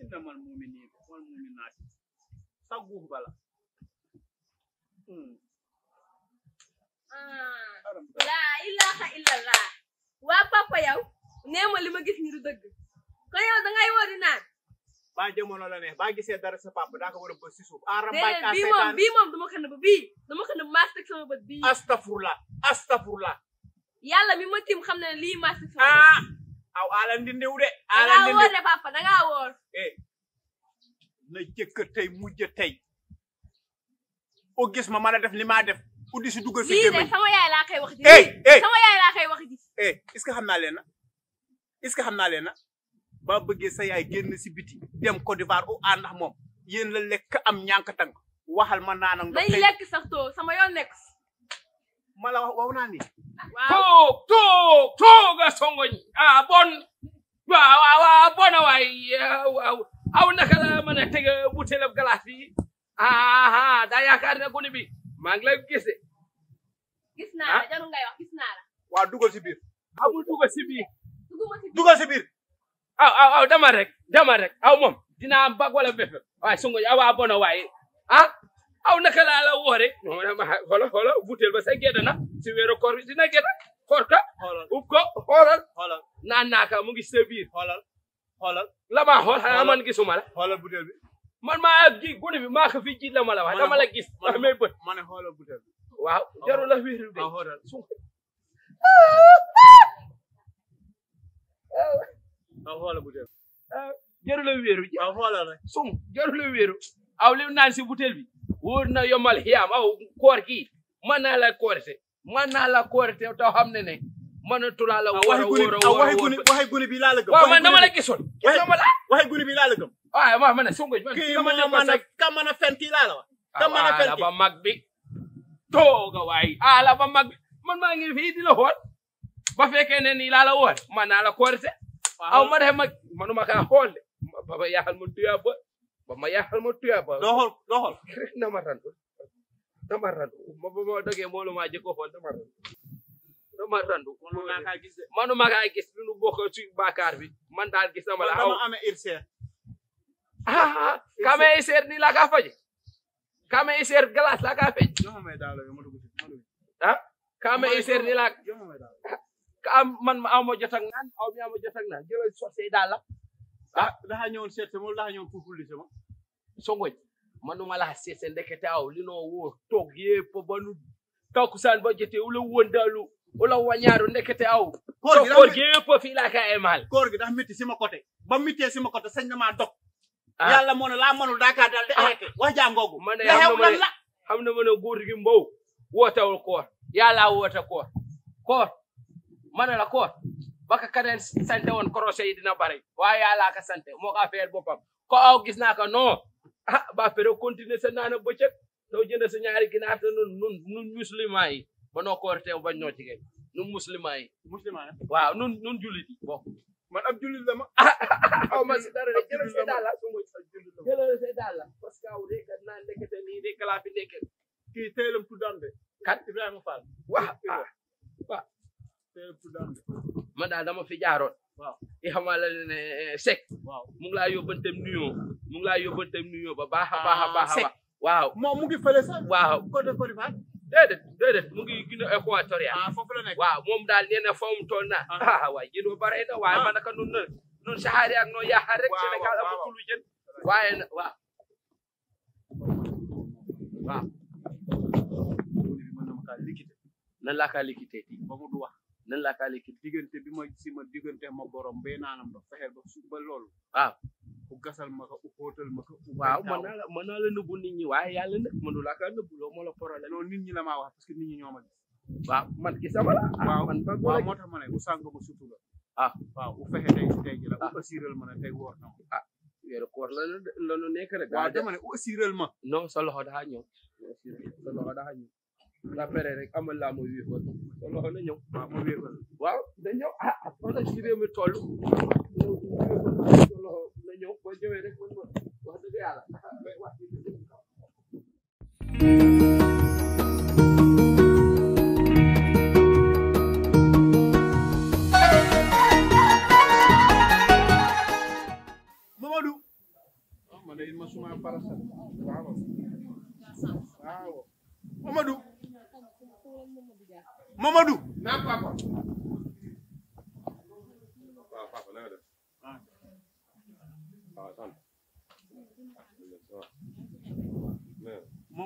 إنما المؤمنين والمؤمنات تقوه بلا la ilaha illallah waa papa yow nee ma li ma gis ni du dëgg kon yow da ngay woo di naan baa jamono la ne baa gisee dara sa papa daa ko war a bës si suuf aaram baa kaa seetaan bii moom bii moom dama ko nëbb bii dama ko nëbb maa teg sama bët bii astafurlah. yàlla mi ma tiim xam na ne lii maa si. ah aw alan dindiw de. alan dindiw de papa da ngaa woor. eh na jëkk tey mujj tey o gis ma mën a def li maa def. uddi si duggal si gémmiñ lii de sama yaay laa koy eh, eh. Eh, xam naa leen na est-ce xam naa leen na ba bëggee sa yaay génn si biti dem Côte moom yéen la lekk am ñànk tàng waxal ma naanam. ndox tey lekk sax sama yoon nekk. mala waw naa ni toog toog tooga songoñ a bon waaw waaw bona waay waaw aw naka la mën teg butéelab galaas bi aha daa yaakaar ne gune bi maa ngi la jarul ngay wax gis naa la waaw dugal si biir amul aw aw aw aw moom dinaa am bag wala bépp songoñ aw waa bona waay ah aw naka laa la woore xolo xolo butel ba sa gedda na si weeru koor bi dina gedda koor ka ub ko naan naa ka mu ngi sa biir la maa xool xanaa man gisuma la xoolal butel bi man maa gi gune maa ko fi ji la ma la wax gis wax may bët ma ne waaw jarul la ji ah, sum jarul la aw li naan si butel bi wóor na yombal xiyaam aw koor gi mën naa la koorte mën naa la koorte taw xam ne ne mënatu laa la wóor ah, a wóor a waxi guni ah, waxi guni man dama la gisoon waxi guni bi laa ma man sunguj man a ka mën a fenti laa la wax ka mën ba mag bi tooga waay ala ba mag man maa ngi fii di la xool ba fekkee ne laa la woon mën naa la koorte aw ma def mag manuma kaa xool de baba yaxal mu duyaa ba ma yaxal ma tuya ba doxol doxol namarandu namarandu ma ma doge moolu ma jëkko xool namarandu namarandu manu ma kaa gis lu nu bokk ci bàkkaar bi man daal gis na ma la irseer ah kame irseer ni la kaa faje irseer glace la fej ah kame irseer ni la kam man aw ma jot ak aw mi aw ma jot ak naan jëlal sosé Ah, a daxaa ñëwoon seet sama daxaa ñëwoon puuful li sama songoj manuma laa seet sa ndekete li noo wóor toog yépp ba nu takkusaan ba jotee wala wëndaalu wala wañaaru ndekete koor gi yépp fii laa ka koor gi dax métti si ma ba méttee si ma côté sañ na maa dog ah. yàlla moo ne laa manul daakaa daal di ah. man xew lan la xam na ma ne góor gi mbow wootewul koor yàlla woota koor koor ma ne koor baka kaneen sante woon crochet yi dina bari waaye yàlla ka sante moo ka feel boppam ko gis naa ko non ah ba pare continuer sa naana bëccëg soo jënd sa ñaari ginaar te nun nun nun ba noo koor teew bañ nun musulman yi nun nun jullit yi man ab la ma ah, aw ma si dara rek jëlal say daal la jëlal say laa fi nekkee kii teelam tuddaan de kan Ibrahima Fall waaw ah. waaw man daal dama fi jaaroon. waaw i xamal la ne eh, Seck. waaw mu ngi laa yóbbanteem nuyoo ba baax a baax a baax. Seck waaw moom mu ngi fële sax. waaw côté Côte d'Ivoire. déedéet déedéet mu ngi Guinée équatoriale. ah foofu la na foofu mu toll naa. Ah. ah waaye ah. man naka noonu la noonu saxaar yi rek. waaw waaw Sénégal amatul na waaw. nan laa kaa léegi diggante bi ma si ma ma borom bay naanam ba fexe ba su ba loolu. waaw ku gasal ma ko u xóotal ma ko. waaw man naa la mën naa la nëbbu nit ñi waaye yàlla nag mënu laa la problème. loolu nit ñi la maa ma gis. man gis sama la. Ah, waaw man man waaw moo tax ma ne u sànq ma la. ah waaw u fexe tey si tey ji la. ah ma ne tey woor na ah weeru koor la la la nekk rek. waaw dama ne u assuré ma. sa loxo daa ñëw. sa loxo après rek amal laa ma wéefal kon na ñëw maa ma wéefal na ñëw ah a ah, nag si na ñëw boo ñëwee rek mën ma wax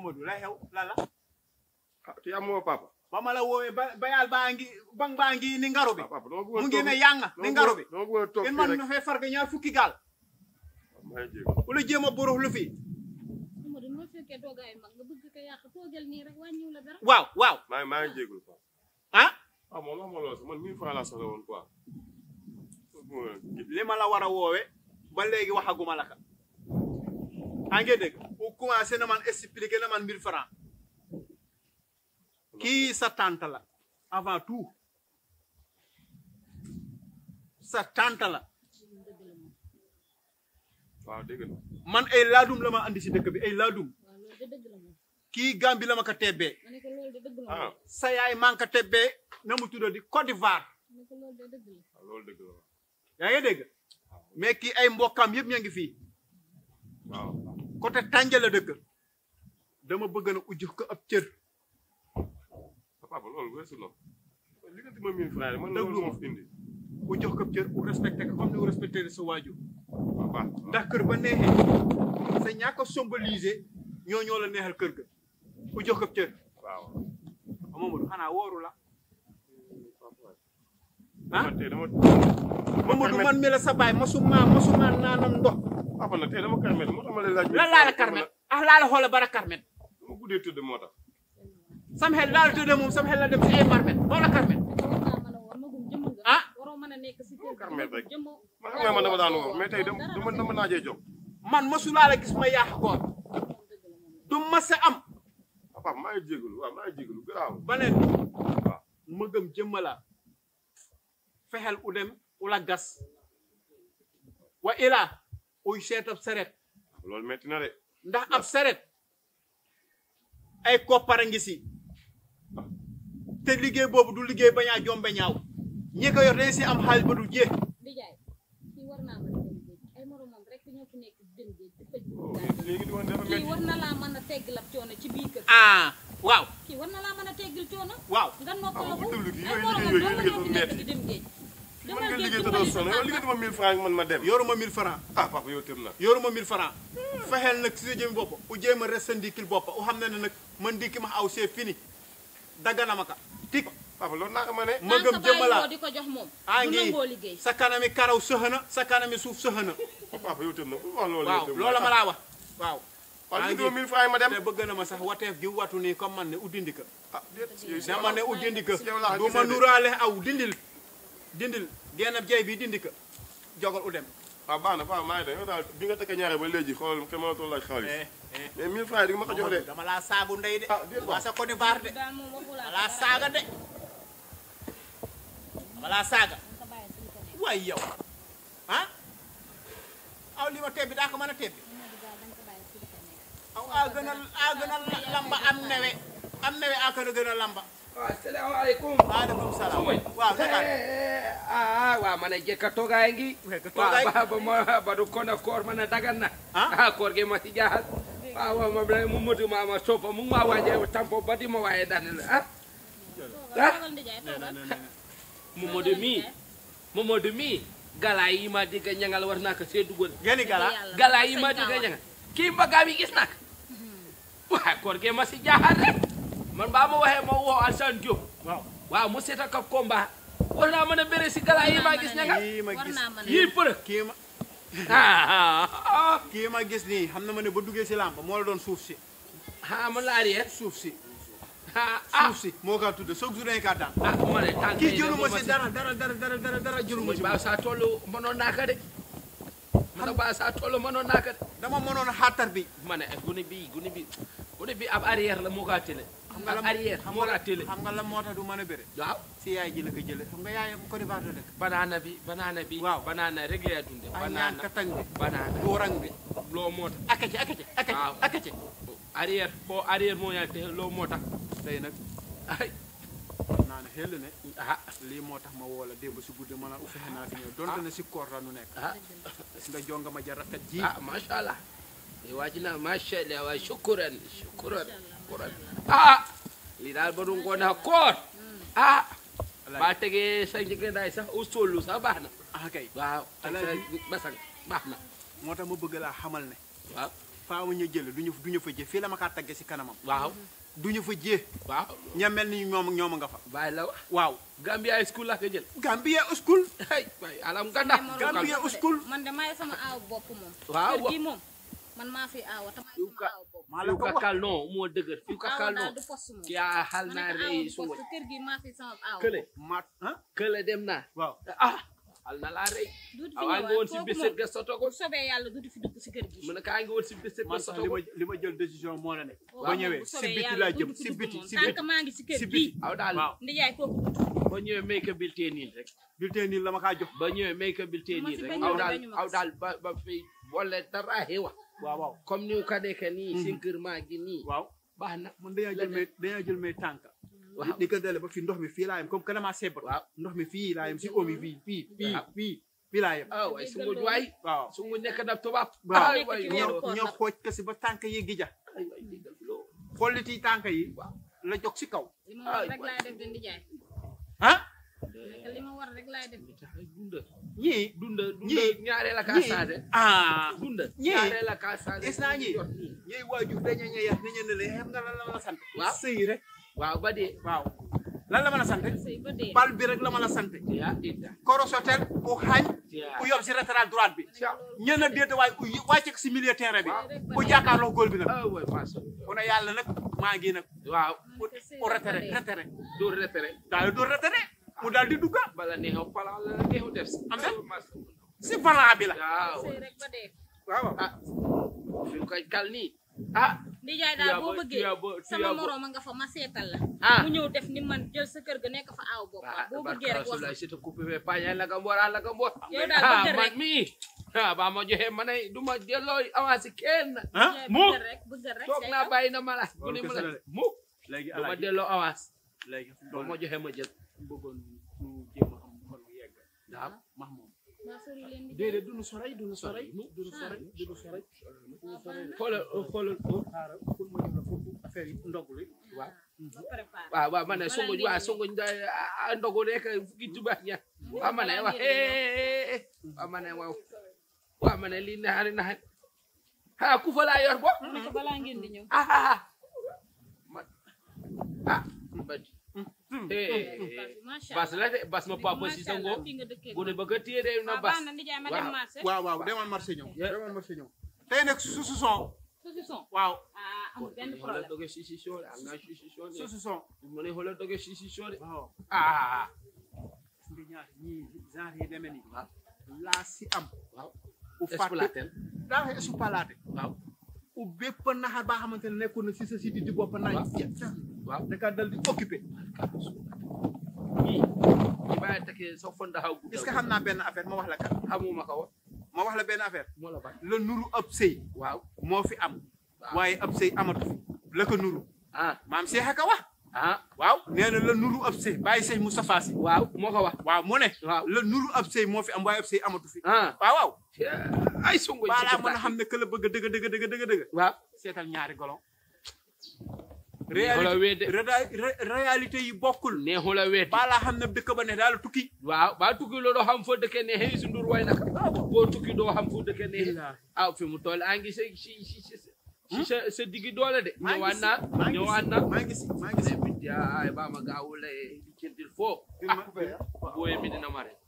Momadou la xew la la. ah te amoo papa. ba ma la ba bayal baa ngi bang baa ngi ni ngaro bi. Ah, mu ngi ne yànga ni ngaro bi. dama bëggoon a toog ñaar fukki gaal. Ah, maa ngi jéem a borox lu fi. la waaw waaw. maa maa ngi jéegul quoi. ah. ah moom wax man mille francs laa woon quoi. li ma la war a woowee ba léegi waxaguma la ka. maa commencé à expliquer man 1000 francs sa tante là avant tout sa tante man ay ma andi si dëkk bi ay gambi ma ko ah. sa yaay maa ngi ko tebbee na mu tudda di Côte d'Ivoire ah, yaa ngi dégg ah. mais ay côté tànja la dëkk dama bëgg na ujj ko ab cër. papa loolu weesu loolu. li nga dima mille francs man loolu moo fi indi. ujj ko ab cër pour respecter ko comme ni mu respecté ndax kër ba neexee sa ñaaka symboliser ñoo ñoo la neexal kër ga ujj ko ab cër. waaw Mamadou xanaa la. ah Mamadou man mi la sa baay masuma masuma naanam ndox. waaw ah, man tey dama karmet moo tax ma lay laaj. lan laa la karmet ah, bara karmet. dama guddee tëdd moo tax. sam xel laa tëdd moom sam xel la dem si ay marmet moo karmet. ah. ah? karmet rek man garaaw. ba léegi gëm jëmmalaa. fexeel u dem ula gas wa ila uy seet ab saret loolu metti ndax ab seret ay koppar a ngi si te liggéey boobu du liggéey bañaa jombe ñaaw ñi ko yor dañ si am xaalis ba du jeex oh, war na laa mën a ab coono ci biir kër ah waaw kii war na laa mën a teggal coono waaw nga noppaloo ko ay moromam doo nga ñoo fi nekk di dem géej mën ma 1000 francs man ma dem. yoruma 1000 francs ah papa yow tëm na. yoruma 1000 francs fexeel nag si sa bopp u jéem sa ndikil bopp u xam ne ne nag man ndikki ma aw c'est fini ma ka tik papa loolu naa ko ma ma gëm jëmmalaa di ko jox a ngi sa kanami karaw sa kanami suuf sëxana. papa yow tëm na wax loolu. waaw loola ma laa wax waaw. waaw li mille ma dem te bëgg na sax wateef gi watu nii comme man ne u dindi ka. ah déet u dindi ka ma nuraale aw dindil dindil dia jey bi dindi ko jogal u dem waaw ah, ba na waaw maa ngi dem bi nga tëkk ñaare ba léegi xool kenn mënatul laaj xaalis eh, eh. mais 1000 francs di nga ma ko jox de dama la sagu ndey de ah, wa sa ni bar de la saga de dama la saga waay yow ah aw li ma tebbi da ko mën tebbi aw a gënal a gënal lamba am newe am newe a ko gënal lamba waaw salaamaaleykum. waaleykum salaam waaw ah waaw ngi. waaw ba ma ba du kon a koor man a ah? ah, koor gi ma si ah, mu mëtu ma ma soppa mu ma waajal tampo ba di ma waaye daan na ah. ah Momadou mii Momadou mii. gala yi ma digga ñangal war naa ko see dugal. yi ma digga ñangal. kii mbagam yi gis naa koor gi ma si jaaxal man baa ma waxee ma woo Alsane Diop. waaw mu seet ak combat. war naa a bëre si gala yi ma gis ña nga. war naa a yii përë. kii ma gis nii xam na ma ne ba duggee si làmb moo la doon suuf si. ah man la arrière suuf si. ah suuf moo tudd chaque ah, ma si dara dara dara dara dara saa toll mënoon naa ko de. xam nga ba saa mënoon naa ko bi. ma ne gune bi gune bi gune bi ab arrière la moo kaa tële. nga la arrière xam nga la moo du mën a bëre waaw si yaay ji la ko banaana bi waaw banaana rek lay dunde banaana ka bi banaana loo moo tax akace akace akace akace oh, arrière foo arrière moo yaay te loo moo tax nag ay ah. lii moo tax ma woo la démb si guddi ma naan fexe naa fi ñëw donte ah. ne si koor la nekk ah nga ah, allah waa naa macha allah waaye shukuran shukuran ah lii daal ba du ngoone koor ah baa tegee sa njëgëndaay sax au sollu sax baax na ah kay waaw basang baax na moo tax ma bëgg laa xamal ne waaw faaw ñu jël duñu duñu fa jë fii la ma kaa tagge si kanamam waaw duñu fa jee. waaa ña mel ni ñoom ñoom nga fa. bàyyi la wax waaw. Gambia school laa ko jël. Gambia school. ay alam ganda. Gambia school. man de maay sama aaw bopp moom. waaw kër man maa fi aawa tamay sama aawa boobu yu kakal non moo dëgër yu kakal non yaa xal naa rey suwa kër gi maa fi sama aawa kële mat ah? kële dem naa waaw ah al na laa rey i ngi woon si bés ga soto ko sobee yàlla du fi dugg si kër gi mu ne kaa ngi woon si bés ga soto ko li ma jël décision moo la ne ba ñëwee si biti laa jëm si biti si biti si kër aw daal ndijaay kooku ba ñëwee may ka bulletin nii rek bulletin nii la ma kaa jox ba ñëwee may ka waaw waaw comme ni ka nekk nii. Mm-hmm. sincèrement gi nii. waaw baax na man dañoo jël may dañoo jël may tànk. waaw ba fii ndox mi fii laa yem comme que damaa seebal. waaw ndox mi fii laa si omi fii fii fii fii. fii laa yem ah waay waay. waaw su nekk daf tubaab. Ah, ñoo ñoo xooj kasi ba tànk yi gi ja. xolliti tànk yi. la jox si kaw. ah ñii dunda dunda ñaareel ak asaade ah dunda ñaareel ak asaade gis naa ñii ñii waajur dañu ñe yar dañu ne leen xam nga lan la mën a sant waaw sëy ba dee waaw lan la mën a sant bal bi rek la mën a sant korosotel u xañ u yob si latéral droite bi ñen a déet waaye u wàcce si milieu terrain bi u góol bi nag ku ah, ne yàlla nag maa ngi nag waaw u retere retere dóor retere daal dóor retere mudah diduga di dugga lagi neexew pala la la neexew def am si pala bi la waaw waaw ñu koy kal nii ah. sama morom nga fa ma seetal ya, la ah. mu ñëw def ni man jël sa kër ga nekk fa aw bokk boo bëggee rek wax si te coupé mais pañay la gambor orang gambor yow daal bëgg rek mi ah ba ma joxe ma ne du ma kenn ah mu bëgg rek toog naa bàyyi na ma la mu ne ma la mu léegi ala ma delloo avance léegi ba ma ma jël déedéet du ñu soray du ñu soray du ñu soray du ñu soray xoolal euh, xoolal ko euh, xaaral pour ma la pour affaire yi ndogul waaw waaw waaw ma ne songoñ waaw songoñ da ah, ah, ndogu rek fukki tubaab ñaar waaw ma ne eh, eh, eh. waaw waaw ma ne waaw waaw ma ne lii naxari naxari ah ku fa laa yor bo balaa ngeen di ñëw ah ah ah, ah bas la de bas ma papa si sango bu ne bëgg a téye de na bas waaw waaw demal marché ñëw demal marché ñëw tey nag su su son waaw ah, amul benn problème doge si si soo de am naa si si soo de su su son mu ne xoolal doge si si soo de ah, ah, ah suñu ñaar ñii genre yi demee nii laa si am u fàtte daa espalaate waaw u bépp naxar baa xamante ne nekkoon na si sa si di bopp naaj waaw da kaa dal di soo fon daxaw que xam benn affaire ma wax la ka xamuma ko woon ma wax la benn affaire moo la ba la nuru ab sëy waaw moo fi am waaye ab sëy amatu fi la ko nuru ah maam seex a wax ah waaw nee na la nuru ab sëy bàyyi sëy Moustapha Sy waaw moo ko wax waaw mu ne la nuru ab sëy moo fi am waaye ab sëy amatu fi ah waaw waaw ay songo balaa mën a xam ne que la bëgg dëgg dëgg dëgg dëgg dëgg waaw seetal ñaari golon réalité yi bokkul neexu la weeti balaa xam na dëkk ba ne daal tukki waaw baa tukki loo doo xam foo dëkkee neexee Youssou Ndour way naka ah boo tukki doo xam foo dëkkee neexee ah fi mu toll a ngi sa si si si hmm? sa sa diggi doole de ñëwaat naa ñëwaat naa maa ngi si maa ngi si ay baa ma ah, booye mi dina mare